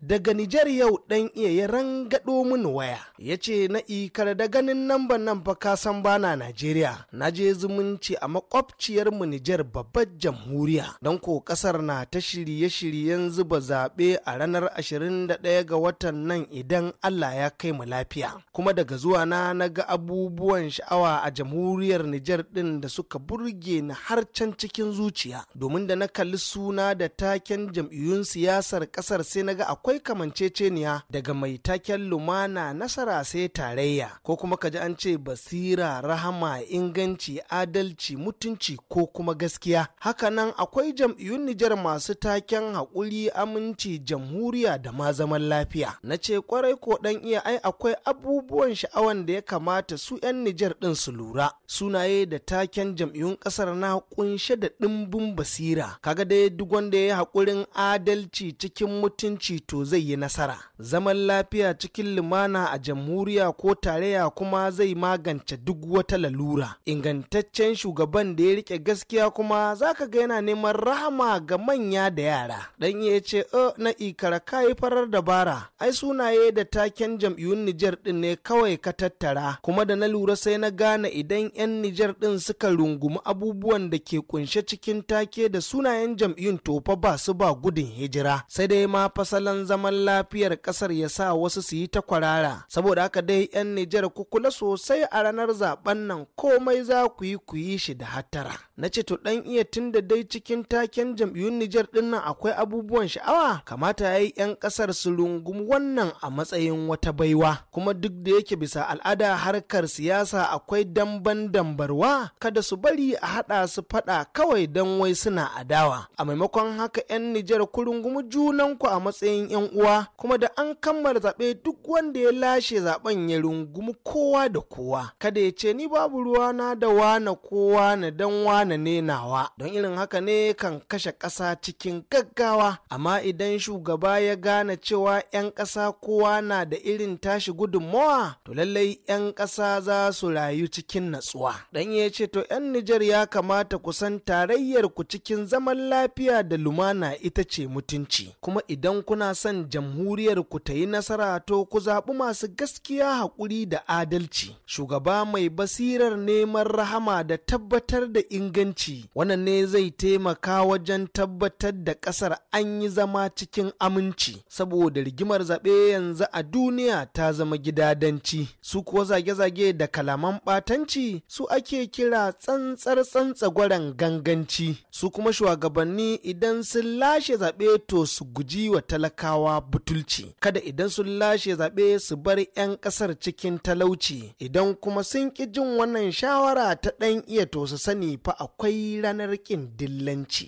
daga Nijar yau ɗan iya ya rangaɗo mini waya ya ce na ikar da ganin nan ba nan fa ka san bana Najeriya na je zumunci a makwabciyar mu Nijar babbar jamhuriya don ko ƙasar na ta shirye-shiryen zuba zaɓe a ranar 21 ga watan nan idan Allah ya kai mu lafiya kuma daga zuwa na na ga abubuwan sha'awa a jamhuriyar Nijar ɗin da suka burge ni har can cikin zuciya domin da na kalli suna da taken jam'iyyun siyasar ƙasar sai na ga akwai kamanceceniya daga mai taken lumana nasara sai tarayya ko kuma ka ji an ce basira rahama inganci adalci mutunci ko kuma gaskiya Haka nan, akwai jam'iyyun nijar masu taken haƙuri aminci jamhuriya da ma zaman lafiya na ce kwarai ko dan iya ai akwai abubuwan sha'awan da ya kamata su 'yan nijar din su lura sunaye da taken jam'iyyun ƙasar na kunshe da ɗimbin basira kaga dai duk wanda ya yi haƙurin adalci cikin mutunci to zai yi nasara zaman lafiya cikin lumana a jamhuriya ko tarayya kuma zai magance duk wata lalura ingantaccen shugaban da ya rike gaskiya kuma za ka ga yana neman rahama ga manya da yara dan ya ce e na ikara kayi farar dabara ai sunaye da taken jam'iyyun Nijar din ne kawai ka tattara kuma da na lura sai na gane idan 'yan Nijar din suka rungumi abubuwan da ke kunshe cikin take da sunayen jam'iyyun tofa ba su ba gudun hijira sai dai ma fasalan zaman lafiyar kasar ya sa wasu su yi ta kwarara saboda haka dai 'yan nijar ku kula sosai a ranar zaben nan komai za ku yi ku yi shi da hattara na ce to dan iya tunda dai cikin taken jam'iyyun nijar din akwai abubuwan sha'awa kamata ya yi 'yan kasar su rungum wannan a matsayin wata baiwa kuma duk da yake bisa al'ada harkar siyasa akwai damban dambarwa kada su bari a haɗa su faɗa kawai don wai suna adawa a maimakon haka 'yan nijar ku rungumi junanku a matsayin 'yan uwa kuma da an kammala zaɓe duk wanda ya lashe zaɓen ya rungumi kowa da kowa kada ya ce ni babu ruwa na da wane kowa na dan wane ne nawa don irin haka ne kan kashe ƙasa cikin gaggawa amma idan shugaba ya gane cewa 'yan ƙasa kowa na da irin tashi gudunmawa to lallai 'yan ƙasa za su rayu cikin natsuwa dan ya ce to 'yan Nijar ya kamata ku san tarayyar ku cikin zaman lafiya da lumana ita ce mutunci kuma idan kuna son jamhuriyar ku ta yi nasara to ku zaɓi masu gaskiya haƙuri da adalci shugaba mai basirar neman rahama da tabbatar da inganci wannan ne zai taimaka wajen tabbatar da ƙasar an yi zama cikin aminci saboda rigimar zaɓe yanzu a duniya ta zama gidadanci su kuwa zage-zage da kalaman ɓatanci su ake kira tsantsar tsantsagwaren ganganci su kuma shugabanni idan sun lashe zaɓe to su guji wa talakawa talakawa butulci kada idan sun lashe zaɓe su bar 'yan ƙasar cikin talauci idan kuma sun ƙi jin wannan shawara ta ɗan iya to su sani fa akwai ranar ƙin dillanci